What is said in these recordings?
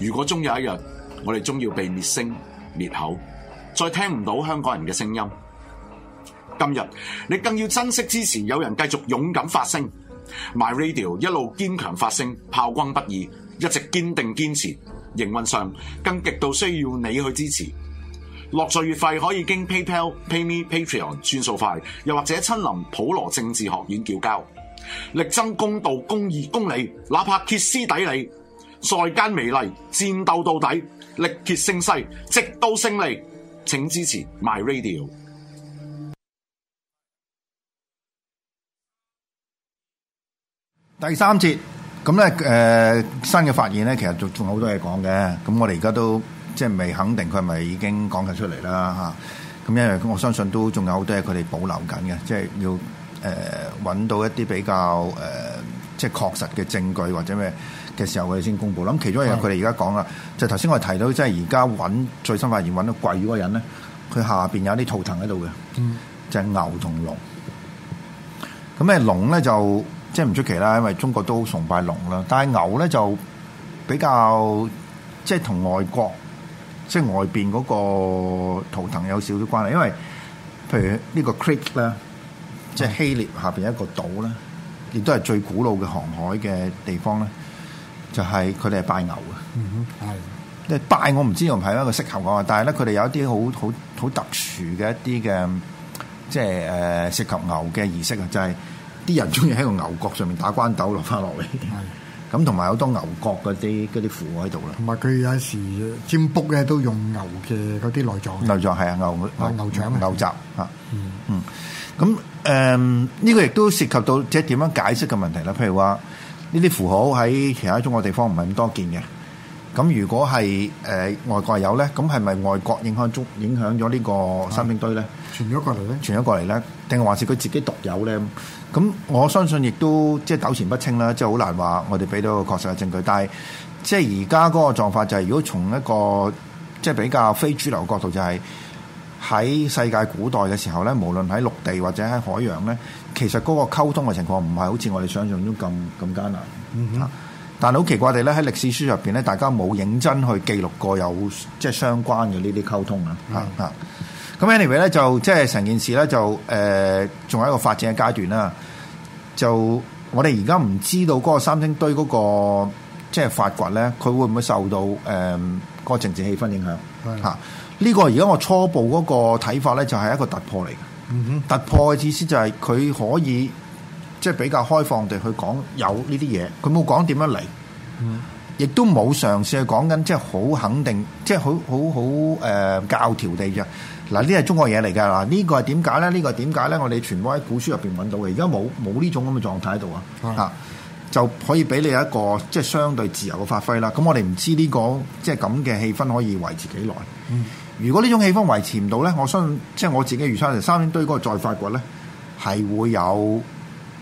如果終有一日，我哋終要被滅聲滅口，再聽唔到香港人嘅聲音，今日你更要珍惜之前有人繼續勇敢發聲，MyRadio 一路堅強發聲，炮轟不二，一直堅定堅持。營運上更極度需要你去支持，落稅月費可以經 PayPal、PayMe、Patreon 轉數快，又或者親臨普羅政治學院叫交，力爭公道、公義、公理，公理哪怕歇斯底里。在艱美嚟，戰鬥到底，力竭勝勢，直到勝利，請支持 My Radio。第三節咁咧，誒、呃，新嘅發現咧，其實仲仲有好多嘢講嘅。咁我哋而家都即係未肯定佢係咪已經講緊出嚟啦吓。咁、啊、因為我相信都仲有好多嘢佢哋保留緊嘅，就是呃呃，即係要誒揾到一啲比較誒即係確實嘅證據或者咩？嘅時候，佢哋先公布。咁其中一樣，佢哋而家講啦，就頭先我哋提到，即係而家揾最新發現揾到跪嗰個人咧，佢下邊有啲圖騰喺度嘅，就係牛同龍。咁咧龍咧就即係唔出奇啦，因為中國都崇拜龍啦。但係牛咧就比較即係同外國，即係外邊嗰個圖騰有少少關係。因為譬如呢個 Crete 咧，即係希臘下邊一個島咧，亦都係最古老嘅航海嘅地方咧。就係佢哋係拜牛嘅，係、嗯。即係拜我唔知又唔係一個適合我。但係咧佢哋有一啲好好好特殊嘅一啲嘅，即係誒涉及牛嘅儀式啊，就係、是、啲人中意喺個牛角上面打關鬥落翻落嚟，咁同埋好多牛角嗰啲啲符喺度啦。同埋佢有時占卜咧都用牛嘅嗰啲內臟，內臟係啊，牛、嗯、牛腸、牛雜啊。嗯咁誒，呢、嗯嗯、個亦都涉及到即係點樣解釋嘅問題啦。譬如話。呢啲符號喺其他中國地方唔係咁多見嘅，咁如果係誒、呃、外國有咧，咁係咪外國影響中影響咗呢個三星堆咧？傳咗過嚟咧？傳咗過嚟咧？定還是佢自己獨有咧？咁我相信亦都即係、就是、糾纏不清啦，即係好難話我哋俾到個確實嘅證據。但係即係而家嗰個狀況就係、是，如果從一個即係、就是、比較非主流角度就係、是。喺世界古代嘅時候咧，無論喺陸地或者喺海洋咧，其實嗰個溝通嘅情況唔係好似我哋想象中咁咁艱難。嗯、哼但係好奇怪地咧，喺歷史書入邊咧，大家冇認真去記錄過有即係相關嘅呢啲溝通啊。啊、嗯，咁 anyway 咧，就即係成件事咧，就誒仲係一個發展嘅階段啦。就我哋而家唔知道嗰個三星堆嗰、嗰個即係、即係、發掘咧，佢會唔會受到誒、呃嗰個政治氣氛影響？嚇、嗯！呢個而家我初步嗰個睇法咧，就係一個突破嚟嘅。Mm hmm. 突破嘅意思就係佢可以即係比較開放地去講有呢啲嘢，佢冇講點樣嚟，亦、mm hmm. 都冇嘗試去講緊，即係好肯定，即係好好好誒教條地嘅。嗱，呢啲係中國嘢嚟㗎啦。這個、呢、呢個係點解咧？呢個係點解咧？我哋全部喺古書入邊揾到嘅，而家冇冇呢種咁嘅狀態喺度啊？Mm hmm. 啊，就可以俾你一個即係、就是、相對自由嘅發揮啦。咁我哋唔知呢、這個即係咁嘅氣氛可以維持幾耐。Mm hmm. 如果呢種氣氛維持唔到咧，我相信即係我自己預測就三星堆嗰個再發掘咧，係會有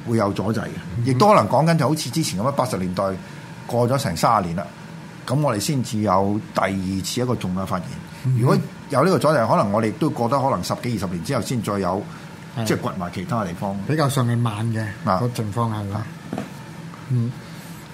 會有阻滯嘅，mm hmm. 亦都可能講緊就好似之前咁樣八十年代過咗成三十年啦，咁我哋先至有第二次一個重大發現。Mm hmm. 如果有呢個阻滯，可能我哋都過得可能十幾二十年之後先再有，mm hmm. 即係掘埋其他地方比較上面慢嘅嗰情況係嘛？嗯。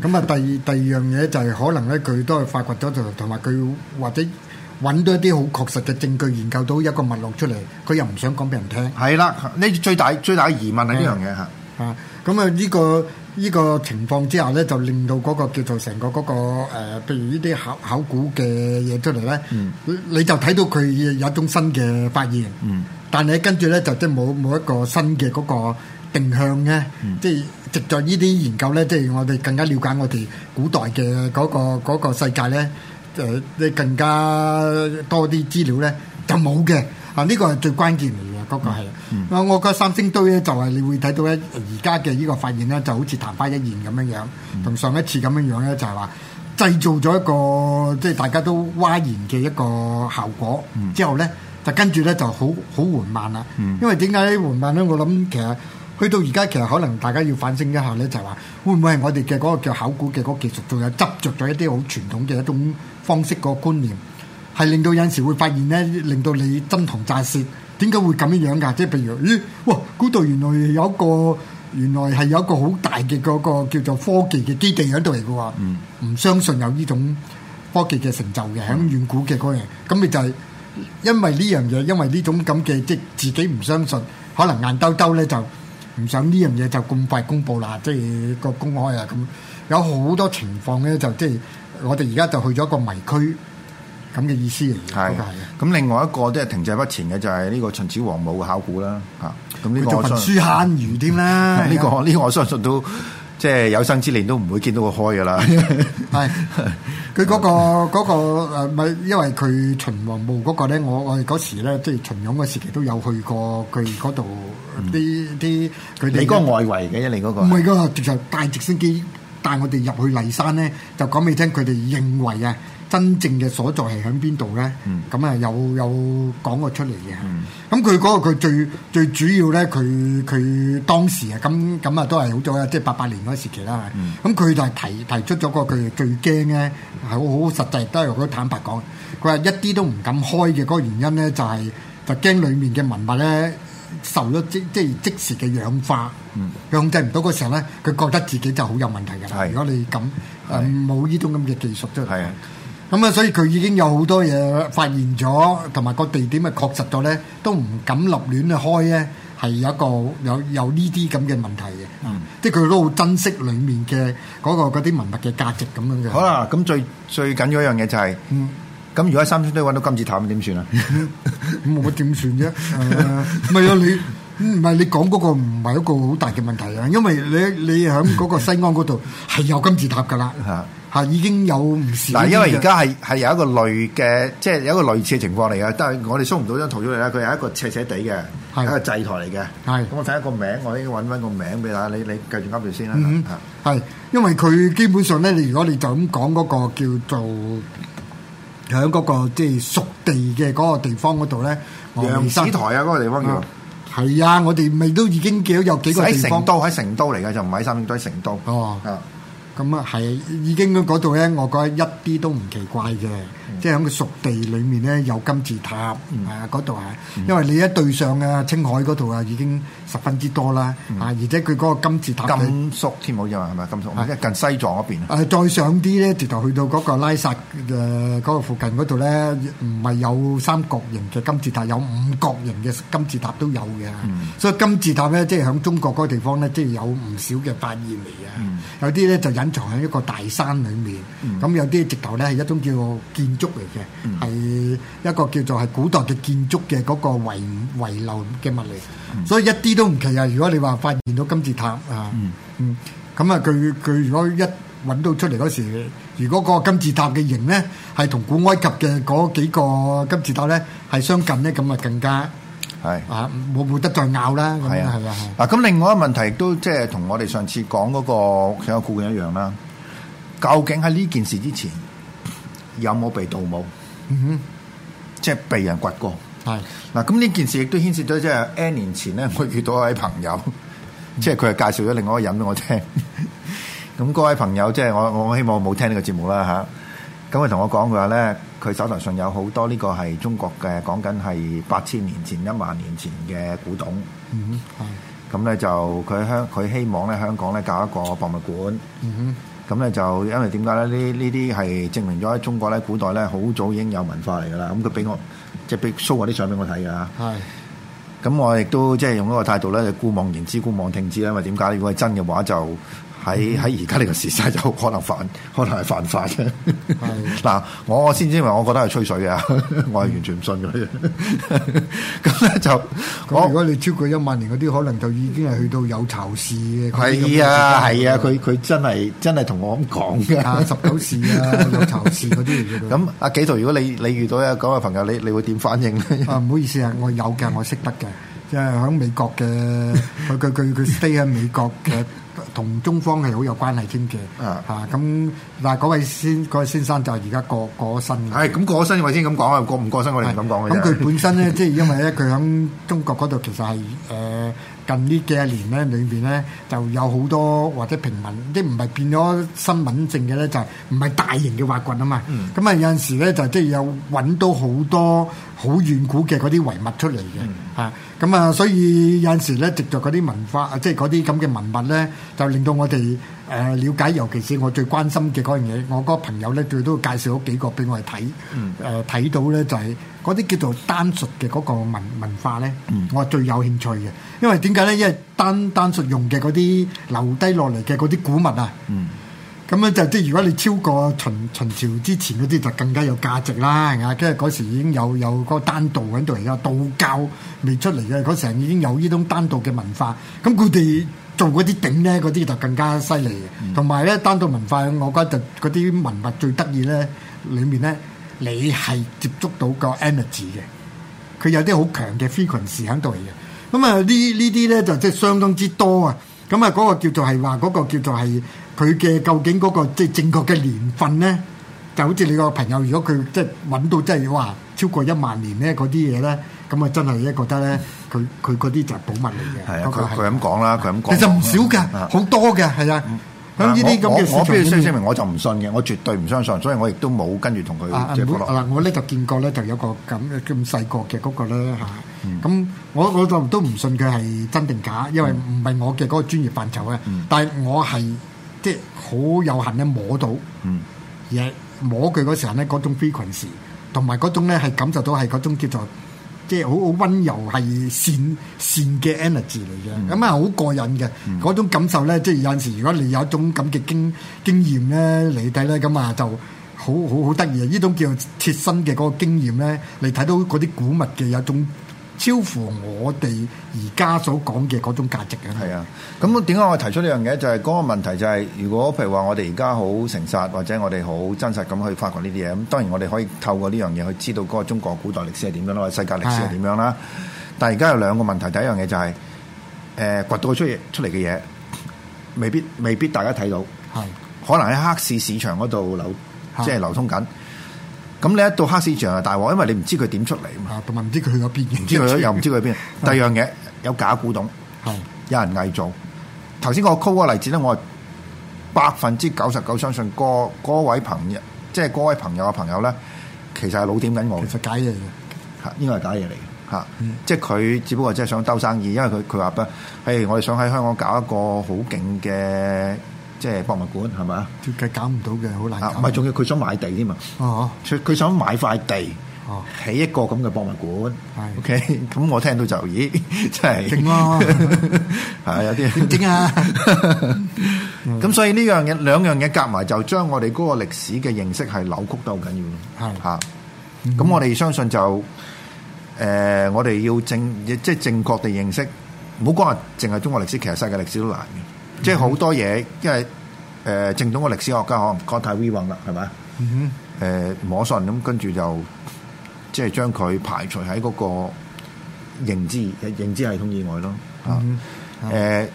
咁啊， 第第二樣嘢就係可能咧，佢都係發掘咗同同埋佢或者揾到一啲好確實嘅證據，研究到一個脈絡出嚟，佢又唔想講俾人聽。係啦，呢最大最大疑問係呢樣嘢嚇。啊，咁啊呢個呢、呢個情況之下咧、那個，就令到嗰個叫做成個嗰個譬如呢啲考考古嘅嘢出嚟咧，嗯，你就睇到佢有一種新嘅發現，嗯但，但係跟住咧就即係冇冇一個新嘅嗰個定向嘅，嗯、即係是。藉助呢啲研究咧，即、就、係、是、我哋更加了解我哋古代嘅嗰、那個那個世界咧，誒、呃，即係更加多啲資料咧就冇嘅啊！呢、這個係最關鍵嚟嘅，嗰、嗯、個係啊！嗯、我覺得三星堆咧就係你會睇到咧，而家嘅呢個發現咧就好似曇花一現咁樣樣，同、嗯、上一次咁樣樣咧就係、是、話製造咗一個即係、就是、大家都嘩然嘅一個效果，嗯、之後咧就跟住咧就好好緩慢啦。因為點解緩慢咧？我諗其實。去到而家，其實可能大家要反省一下咧，就係話會唔會係我哋嘅嗰個叫考古嘅嗰個技術，仲有執着咗一啲好傳統嘅一種方式嗰個觀念，係令到有陣時會發現咧，令到你針頭扎線，點解會咁樣樣㗎？即係譬如咦，哇！嗰度原來有一個，原來係有一個好大嘅嗰個叫做科技嘅基地喺度嚟嘅喎，唔相信有呢種科技嘅成就嘅響遠古嘅嗰樣，咁你就係因為呢樣嘢，因為呢種咁嘅即係自己唔相信，可能眼兜兜咧就～唔想呢樣嘢就咁快公佈啦，即係個公開啊咁，有好多情況咧，就即係我哋而家就去咗一個迷區咁嘅意思嚟嘅。係的，咁另外一個都係停滯不前嘅就係、是、呢個秦始皇墓嘅考古啦，嚇咁呢個。做焚書坑儒添啦，呢個呢個我相信都。 即係有生之年都唔會見到佢開嘅啦。係佢嗰個嗰、嗰個誒唔係，因為佢秦王墓嗰個咧，我我哋嗰時咧，即係秦俑嘅時期都有去過佢嗰度啲啲佢哋，嗯，嗰個外圍嘅一嚟嗰個唔係㗎，就帶直升機。帶我哋入去驪山咧，就講俾你聽，佢哋認為啊，真正嘅所在係響邊度咧？咁啊、嗯，有有講過出嚟嘅。咁佢嗰個佢最最主要咧，佢佢當時啊，咁咁啊，都係好早啊，即係八八年嗰時期啦。咁佢就係提提出咗個佢最驚咧，係好好實際，都係好坦白講。佢話一啲都唔敢開嘅，嗰個原因咧就係、是、就驚裏面嘅文物咧。受咗即即即時嘅氧化，佢、嗯、控制唔到嗰時候咧，佢覺得自己就好有問題㗎啦。是如果你咁冇呢種咁嘅技術都，咁啊是，所以佢已經有好多嘢發現咗，同埋個地點啊確實咗咧，都唔敢立亂去開咧，係有一個有有呢啲咁嘅問題嘅。嗯，即係佢都好珍惜裡面嘅嗰、嗰個嗰啲文物嘅價值咁樣嘅。好啦，咁最最緊要一樣嘢就係。嗯咁如果三星堆揾到金字塔咁點算啊？咁我點算啫？唔係啊，你唔係你講嗰個唔係一個好大嘅問題啊，因為你你喺嗰個西安嗰度係有金字塔噶啦，嚇已經有唔少。嗱，因為而家係係有一個類嘅，即係有一個類似嘅情況嚟噶，但係我哋收唔到張圖出嚟啦。佢係一個斜斜地嘅，係一個祭台嚟嘅，係。咁我睇一個名，我應該揾翻個名俾大家。你你繼續講住先啦。係，因為佢基本上咧，你如果你就咁講嗰個叫做。喺嗰個即係屬地嘅嗰個地方嗰度咧，楊子台啊，嗰、嗰個地方叫，啊，係啊，我哋咪都已經見到有幾個地方都，喺成都嚟嘅就唔喺三星堆，都喺成都。成都都成都哦，咁啊，係已經嗰度咧，我覺得一啲都唔奇怪嘅。即係喺個蜀地裏面咧，有金字塔，係啊、嗯，嗰度係。因為你一對上啊，青海嗰度啊，已經十分之多啦，啊、嗯，而且佢嗰個金字塔金屬添，好似話係咪啊？金屬，即係近西藏嗰邊啊。誒，再上啲咧，直頭去到嗰個拉薩誒嗰個附近嗰度咧，唔係有三角形嘅金字塔，有五角形嘅金字塔都有嘅。嗯、所以金字塔咧，即係喺中國嗰個地方咧，即係有唔少嘅發現嚟嘅。嗯、有啲咧就隱藏喺一個大山裏面。嗯。咁有啲直頭咧係一種叫建。足嚟嘅，係一個叫做係古代嘅建築嘅嗰個遺遺留嘅物嚟，所以一啲都唔奇啊！如果你話發現到金字塔啊，嗯，咁啊，佢佢如果一揾到出嚟嗰時，如果個金字塔嘅形咧係同古埃及嘅嗰幾個金字塔咧係相近咧，咁啊更加係啊，冇冇得再拗啦，咁樣係啊，係啊？嗱，咁另外一個問題亦都即係同我哋上次講嗰個考古嘅一樣啦，究竟喺呢件事之前？有冇被盜墓？嗯、哼，即係被人掘過。係嗱是，咁呢、啊、件事亦都牽涉到即係 N 年前咧，我遇到一位朋友，嗯、哼即係佢係介紹咗另外一個人俾我聽。咁 嗰位朋友即係、就是、我，我希望我冇聽呢個節目啦嚇。咁佢同我講佢話咧，佢手頭上有好多呢個係中國嘅，講緊係八千年前、一萬年前嘅古董。嗯哼，咁咧就佢香，佢希望咧香港咧搞一個博物館。嗯、哼。咁咧就因為點解咧？呢呢啲係證明咗喺中國咧，古代咧好早已經有文化嚟噶啦。咁佢俾我即係俾 show 啲相俾我睇噶。係。咁我亦都即係用一個態度咧，姑妄言之，姑妄聽之。因為點解？如果係真嘅話就。喺喺而家呢個時勢就可能犯，可能係犯法啫。嗱， 我先至咪，我，我，因為我覺得係吹水啊， 我係完全唔信佢。 咁咧就，咁如果你超過一萬年嗰啲，我可能就已經係去到有巢氏。嘅。係啊，係啊，佢佢真係真係同我咁講嘅。十九氏啊，有巢氏嗰啲嚟嘅。咁阿紀陶，如果你你遇到一位朋友，你你會點反應咧？唔、 啊、好意思啊，我有嘅，我識得嘅，即係喺美國嘅，佢佢佢佢 stay 喺美國嘅。 同中方係好有關係，添嘅啊嚇，咁嗱，嗰、啊、位先位先生就而家過過咗身嘅。咁過咗身，我先咁講啊，過唔、哎、過、過、過身我哋咁講。咁佢本身咧， 即係因為咧，佢響中國嗰度其實係誒、呃、近幾呢幾十年咧，裏面咧就有好多或者平民，即係唔係變咗新聞性嘅咧，就係唔係大型嘅挖掘啊嘛。咁啊、嗯、有陣時咧，就即、是、係有揾到好多好遠古嘅嗰啲遺物出嚟嘅嚇。咁、嗯、啊，所以有陣時咧，藉着嗰啲文化，即係嗰啲咁嘅文物咧。嗯嗯就令到我哋誒了解，尤其是我最關心嘅嗰樣嘢。我個朋友咧，最多介紹咗幾個俾我哋睇，誒睇、嗯呃、到咧就係嗰啲叫做單純嘅嗰個文文化咧，嗯、我係最有興趣嘅。因為點解咧？因為單單屬用嘅嗰啲留低落嚟嘅嗰啲古物啊，咁樣、嗯、就即係如果你超過秦秦朝之前嗰啲，就更加有價值啦，係咪啊？即係嗰時已經有有個單獨嗰度嚟噶，道教未出嚟嘅嗰時已經有呢種單獨嘅文化，咁佢哋做嗰啲頂咧，嗰啲就更加犀利嘅。同埋咧，單獨文化，我覺得就嗰啲文物最得意咧，裏面咧，你係接觸到個 energy 嘅，佢有啲好強嘅 frequency 喺度嚟嘅。咁啊，呢呢啲咧就即係相當之多啊。咁啊，嗰個叫做係話，嗰、嗰個叫做係佢嘅究竟嗰個即係正確嘅年份咧，就好似你個朋友，如果佢即係揾到、就係，即係話超過一萬年咧，嗰啲嘢咧。咁啊，真係咧覺得咧，佢佢嗰啲就係保密嚟嘅。係啊的，佢佢咁講啦，佢咁講。其實唔少㗎，好、嗯、多嘅係啊。喺呢啲咁嘅市場上，我我我我聲明我就唔信嘅，我絕對唔相信，所以我亦都冇跟住同佢嗱，我呢就見過咧，就有個咁咁細個嘅嗰個咧，咁我我就都唔信佢係真定假，因為唔係我嘅嗰個專業範疇、嗯、但係我係即係好有幸咧摸到，而係、嗯、摸佢嗰時候咧，嗰種 frequency 同埋嗰種咧係感受到係嗰種叫做。即係好好溫柔，係善善嘅 energy 嚟嘅，咁啊好過癮嘅嗰、mm. 種感受咧，即係有陣時如果你有一種咁嘅經經驗咧，你睇咧，咁啊就好好好得意啊！呢種叫貼身嘅嗰個經驗咧，你睇到嗰啲古物嘅有一種。超乎我哋而家所講嘅嗰種價值嘅。係啊，咁點解我提出呢樣嘢？就係、是、嗰個問題就係、是，如果譬如話我哋而家好誠實，或者我哋好真實咁去發掘呢啲嘢，咁當然我哋可以透過呢樣嘢去知道嗰個中國古代歷史係點樣啦，或者世界歷史係點樣啦。是但係而家有兩個問題，第一樣嘢就係、是，誒、呃、掘到出出嚟嘅嘢，未必未必大家睇到，係是可能喺黑市市場嗰度流，即、就、係、是、流通緊。咁你一到黑市場啊，大鑊，因為你唔知佢點出嚟啊嘛。同埋唔知佢去咗邊，唔知佢又唔知佢去邊。 第二樣嘢有假古董，係 有人偽造。頭先個 call 個例子咧，我係百分之九十九相信嗰位朋友，即係嗰位朋友嘅朋友咧，其實係老點緊我。其實假嘢嚟嘅，嚇，應該係假嘢嚟嘅，嚇。嗯、即係佢只不過即係想兜生意，因為佢佢話不，係我哋想喺香港搞一個好勁嘅。即係博物館，係嘛？佢計搞唔到嘅，好難。啊，唔係，仲要佢想買地添嘛？哦，佢佢想買塊地，起一個咁嘅博物館。係，OK，咁我聽到就，咦，真係正咯，係有啲正啊。咁所以呢樣嘢，兩樣嘢夾埋，就將我哋嗰個歷史嘅認識係扭曲得好緊要咯。係吓，咁我哋相信就，誒，我哋要正，即係正確地認識，唔好講話淨係中國歷史，其實世界歷史都難嘅。嗯、即係好多嘢，因為誒、呃、正統嘅歷史學家可能過太 weone 啦，係咪？誒、嗯哼，抹信咁跟住就即係將佢排除喺嗰個認知認知系統以外咯。誒、啊嗯哼呃，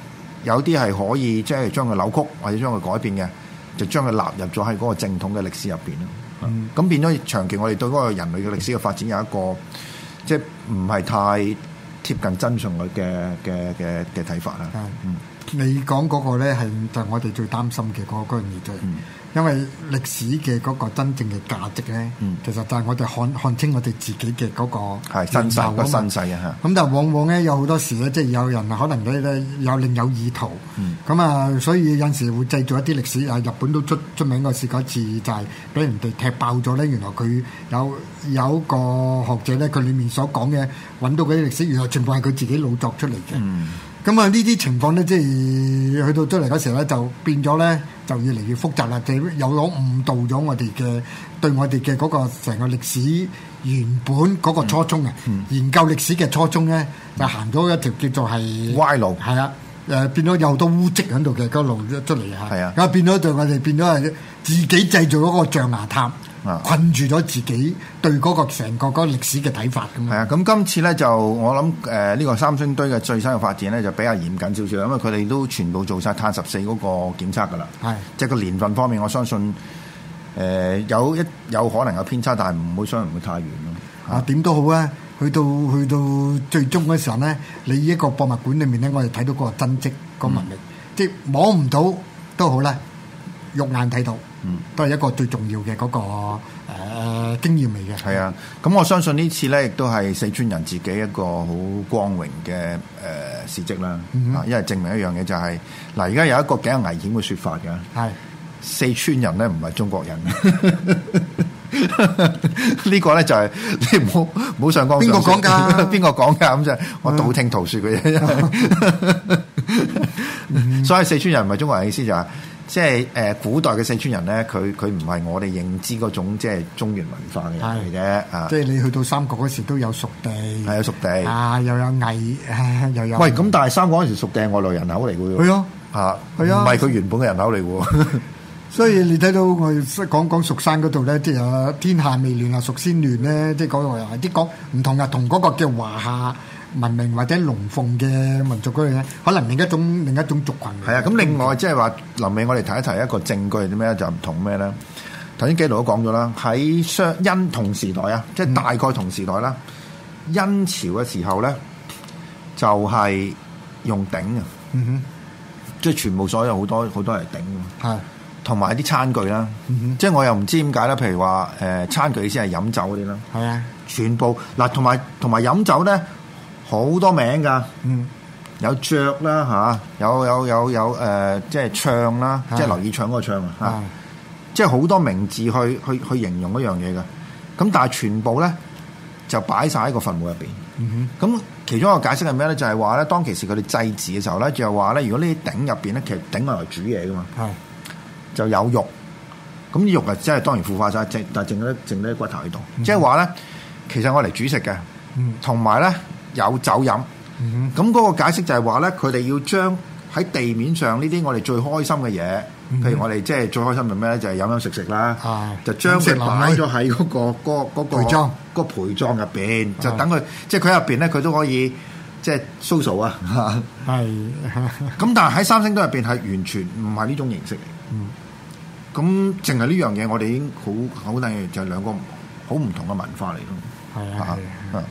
有啲係可以即係將佢扭曲，或者將佢改變嘅，就將佢納入咗喺嗰個正統嘅歷史入邊咯。咁、啊嗯、變咗長期，我哋對嗰個人類嘅歷史嘅發展有一個即係唔係太貼近真相嘅嘅嘅嘅睇法啦。啊、嗯。你講嗰個咧，係就我哋最擔心嘅嗰嗰樣嘢就係，嗯、因為歷史嘅嗰個真正嘅價值咧，嗯、其實就係我哋看看清我哋自己嘅嗰個係身世啊！身世啊嚇！咁但係往往咧，有好多時咧，即係有人可能咧咧有另有意圖，咁啊、嗯，所以有陣時會製造一啲歷史啊。日本都出出名個事，嗰次，就係俾人哋踢爆咗咧。原來佢有有個學者咧，佢裡面所講嘅揾到嗰啲歷史，原來全部係佢自己老作出嚟嘅。嗯。咁啊！呢啲情況咧，即係去到出嚟嗰時咧，就變咗咧，就越嚟越複雜啦。就又有誤導咗我哋嘅對我哋嘅嗰個成個歷史原本嗰個初衷啊！嗯、研究歷史嘅初衷咧，嗯、就行咗一條叫做係歪路，係啊！誒變咗有好多污跡喺度嘅個路出嚟啊！係啊，又變咗對我哋變咗係自己製造嗰個象牙塔。困住咗自己對嗰個成個嗰歷史嘅睇法咁啊！係啊！咁今次咧就我諗誒呢個三星堆嘅最新嘅發展咧就比較嚴謹少少，因為佢哋都全部做晒碳十四嗰個檢測噶啦。係即係個年份方面，我相信誒、呃、有一有可能有偏差，但係唔會相唔會太遠咯。啊，點都好啊！去到去到最終嘅時候咧，你一個博物館裡面咧，我哋睇到個真跡、個文物，嗯、即係摸唔到都好啦，肉眼睇到。都係一個最重要嘅嗰、那個誒、呃、經驗嚟嘅。係啊，咁我相信次呢次咧，亦都係四川人自己一個好光榮嘅誒事跡啦。呃、嗯嗯因為證明一樣嘢就係、是，嗱而家有一個幾危險嘅說法嘅，係是的 四川人咧唔係中國人。 個呢個咧就係、是、你唔好唔上綱。邊個講噶？邊個講噶？咁 就我道聽途說嘅嘢， 嗯、所以四川人唔係中國人嘅意思就係、是。即係誒、呃、古代嘅四川人咧，佢佢唔係我哋認知嗰種即係中原文化嘅人嚟嘅啊！即係你去到三國嗰時都有蜀地，係有蜀地啊，又有魏，又有喂咁，但係三國嗰時蜀地係外來人口嚟嘅喎，係啊，係啊，唔係佢原本嘅人口嚟嘅喎，啊、 所以你睇到我講講蜀山嗰度咧，即係天下未亂啊，蜀先亂咧，即係講到又係啲講唔同啊，同嗰個叫華夏。文明或者龍鳳嘅民族嗰樣咧，可能另一種另一種族群。係啊，咁另外即係話，臨尾我哋提一提一個證據係啲咩咧，就唔同咩咧。頭先紀陶都講咗啦，喺商殷同時代啊，即係大概同時代啦，殷朝嘅時候咧，就係用鼎啊，即係全部所有好多好多係鼎，係同埋啲餐具啦，即係我又唔知點解咧，譬如話誒餐具先係飲酒嗰啲啦，係啊，全部嗱同埋同埋飲酒咧。好多名噶，嗯，有雀啦，嚇，有有有有誒，即係唱啦，即係劉以唱嗰個唱嚇，即係好多名字去去去形容一樣嘢嘅。咁但係全部咧就擺晒喺個墳墓入邊。咁、嗯、哼其中一個解釋係咩咧？就係話咧，當其時佢哋祭祀嘅時候咧，就係話咧，如果呢啲鼎入邊咧，其實鼎係嚟煮嘢噶嘛，的就有肉。咁肉啊，即係當然腐化晒，淨但係淨咧淨咧骨頭喺度，嗯、哼即係話咧，其實我嚟煮食嘅，同埋咧。呢有酒飲，咁、那、嗰個解釋就係話咧，佢哋要將喺地面上呢啲我哋最開心嘅嘢，譬如我哋即係最開心係咩咧，就係、是、飲飲食食啦，啊、就將佢擺咗喺嗰個嗰嗰、嗯嗯嗯那個嗰妝個陪葬入邊，就等佢、啊、即係佢入邊咧，佢都可以即係 social 啊。係是的，咁 但係喺三星堆入邊係完全唔係呢種形式嚟。嗯，咁淨係呢樣嘢，我哋已經好好得意就係、是、兩個好唔同嘅文化嚟咯。係啊。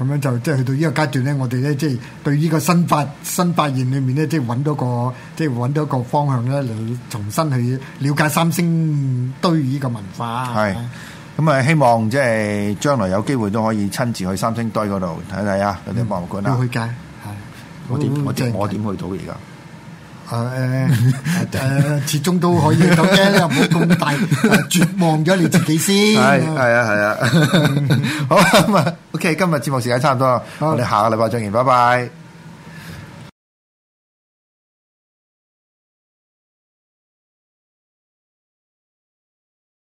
咁樣就即係去到呢個階段咧，我哋咧即係對呢個新發新發現裏面咧，即係揾到個即係揾到一個到一個方向咧，嚟重新去了解三星堆呢個文化。係、啊，咁啊吧希望即係將來有機會都可以親自去三星堆嗰度睇睇啊，嗰啲博物館啊。嗯、吧去街係，吧我點很我點吧我點去到而家？誒誒、啊啊、始終都可以咁啫，你又唔好咁大絕望咗你自己先。係啊係啊，好啦咁 啊，啊，啊，啊 ，OK，今日節目時間差唔多啦，啊、我哋下個禮拜再見，拜拜。